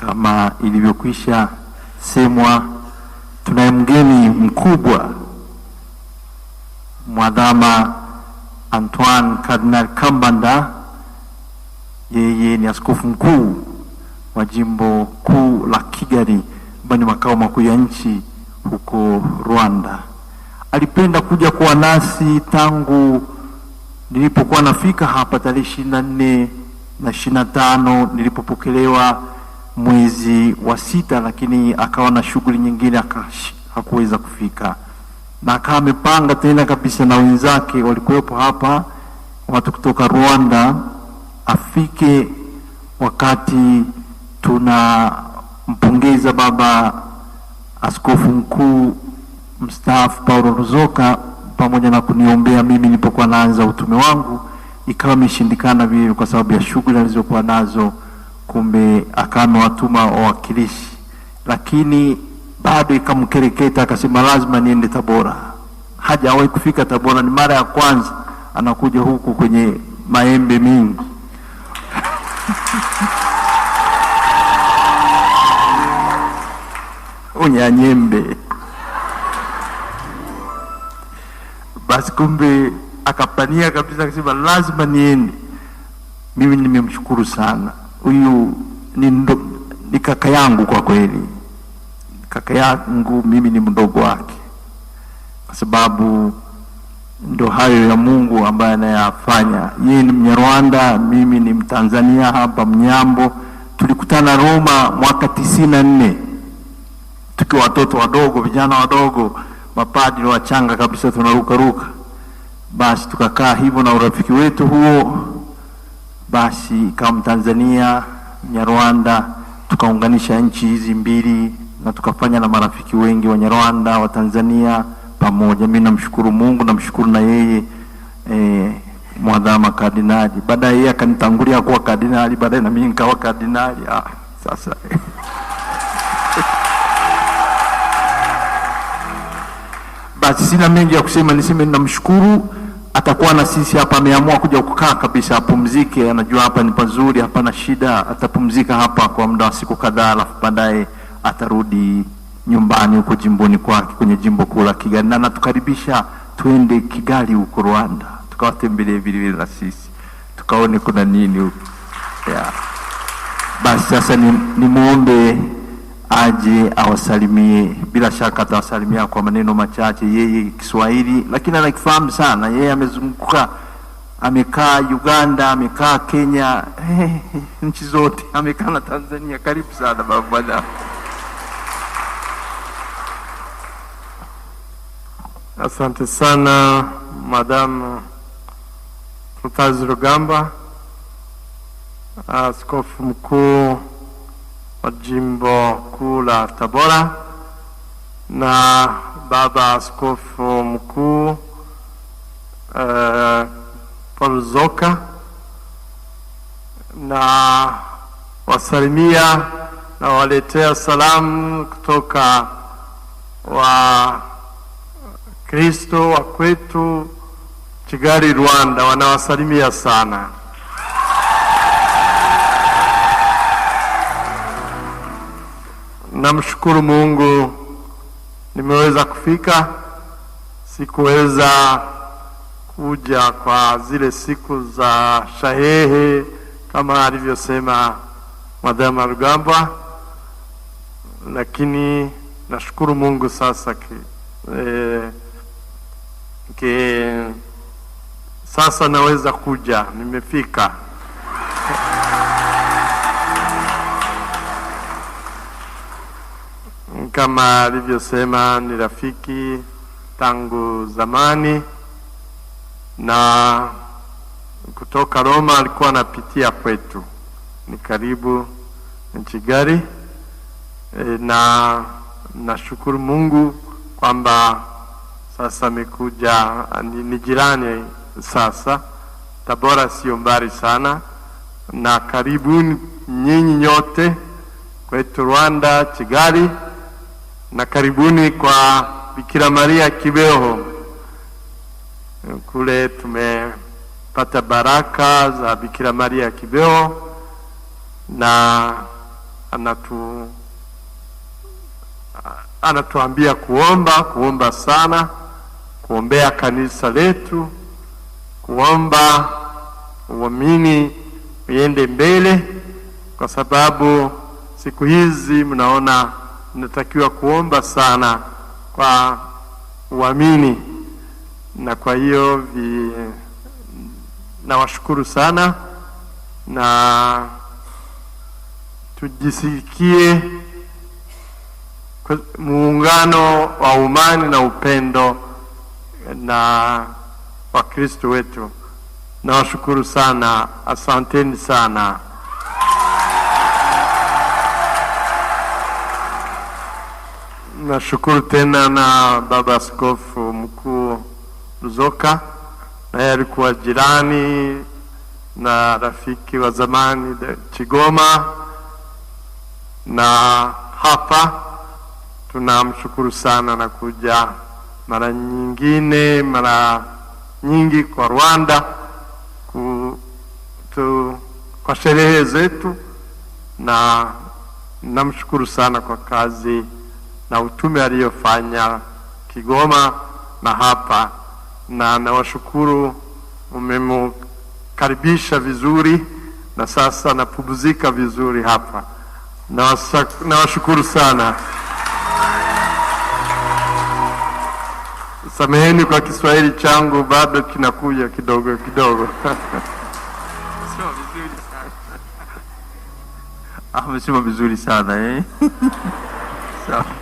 Kama ilivyokwisha semwa, tunaye mgeni mkubwa mwadhama Antoine Cardinal Kambanda. Yeye ni askofu mkuu wa jimbo kuu la Kigali ambayo ni makao makuu ya nchi huko Rwanda. Alipenda kuja kuwa nasi tangu nilipokuwa nafika hapa tarehe ishirini na nne na ishirini na tano nilipopokelewa mwezi wa sita, lakini akawa na shughuli nyingine akash, hakuweza kufika, na akawa amepanga tena kabisa na wenzake walikuwepo hapa, watu kutoka Rwanda, afike wakati tunampongeza baba askofu mkuu mstaafu Paulo Ruzoka pamoja na kuniombea mimi nilipokuwa naanza utume wangu, ikawa imeshindikana vile kwa sababu ya shughuli alizokuwa nazo kumbe watuma wawakilishi, lakini bado ikamkereketa, akasema lazima niende Tabora. Hajawahi kufika Tabora, ni mara ya kwanza anakuja huku kwenye maembe mingi unyanyembe. Basi kumbe akapania kabisa, akasema lazima niende. Mimi nimemshukuru sana huyu ni, ni kaka yangu kwa kweli, kaka yangu mimi ni mdogo wake, kwa sababu ndo hayo ya Mungu ambaye anayafanya. Yeye ni Mnyarwanda, mimi ni Mtanzania hapa Mnyambo. Tulikutana Roma mwaka tisini na nne tukiwa watoto wadogo, vijana wadogo, mapadri wachanga kabisa, tunarukaruka. Basi tukakaa hivyo na urafiki wetu huo basi ikawa Mtanzania, nyarwanda tukaunganisha nchi hizi mbili na tukafanya na marafiki wengi Wanyarwanda, tanzania pamoja. Mi namshukuru Mungu, namshukuru na yeye eh, mwadhama kardinali. Baadaye yeye akanitangulia kuwa kardinali, baadaye na mimi nikawa kardinali. Ah, sasa basi sina mengi ya kusema, niseme ninamshukuru atakuwa na sisi hapa. Ameamua kuja kukaa kabisa, apumzike, anajua hapa ni pazuri, hapana shida. Atapumzika hapa kwa muda wa siku kadhaa, alafu baadaye atarudi nyumbani huko jimboni kwake kwenye jimbo kuu la Kigali, na natukaribisha tuende Kigali huko Rwanda, tukawatembelee vile na sisi tukaone kuna nini huko yeah. Basi sasa ni, ni muombe aje awasalimie. Bila shaka atawasalimia kwa maneno machache. Yeye Kiswahili lakini anakifahamu sana, yeye amezunguka, amekaa Uganda, amekaa Kenya, nchi zote, amekaa na Tanzania. Karibu sana baba Asante sana Madam Mutazi Rugamba, askofu mkuu wa jimbo kuu la Tabora na baba askofu mkuu eh, Paul Zoka na wasalimia na waletea salamu kutoka wa Kristo wa kwetu Kigali Rwanda, wanawasalimia sana. Namshukuru Mungu nimeweza kufika. Sikuweza kuja kwa zile siku za shahehe kama alivyosema Mwadhama Rugambwa, lakini nashukuru Mungu sasa ki, e, ki, sasa naweza kuja, nimefika. kama alivyosema ni rafiki tangu zamani, na kutoka Roma alikuwa anapitia kwetu, ni karibu gari e, na nashukuru Mungu kwamba sasa amekuja, ni jirani sasa. Tabora sio mbali sana, na karibuni nyinyi nyote kwetu Rwanda Kigali na karibuni kwa Bikira Maria Kibeho. Kule tumepata baraka za Bikira Maria Kibeho na anatu anatuambia kuomba, kuomba sana, kuombea kanisa letu, kuomba uamini uende mbele, kwa sababu siku hizi mnaona natakiwa kuomba sana kwa uamini, na kwa hiyo vi nawashukuru sana na tujisikie muungano wa umani na upendo na Wakristo wetu. Nawashukuru sana, asanteni sana. Nashukuru tena na baba askofu mkuu Luzoka, naye alikuwa jirani na rafiki wa zamani Chigoma, na hapa tunamshukuru sana na kuja mara nyingine mara nyingi kwa Rwanda kutu, kwa sherehe zetu, na namshukuru sana kwa kazi na utume aliyofanya Kigoma na hapa, na nawashukuru, mmemukaribisha vizuri na sasa napumzika vizuri hapa. Nawashukuru sana. Sameheni kwa Kiswahili changu bado kinakuja kidogo kidogo. Amesema ah, vizuri sana eh?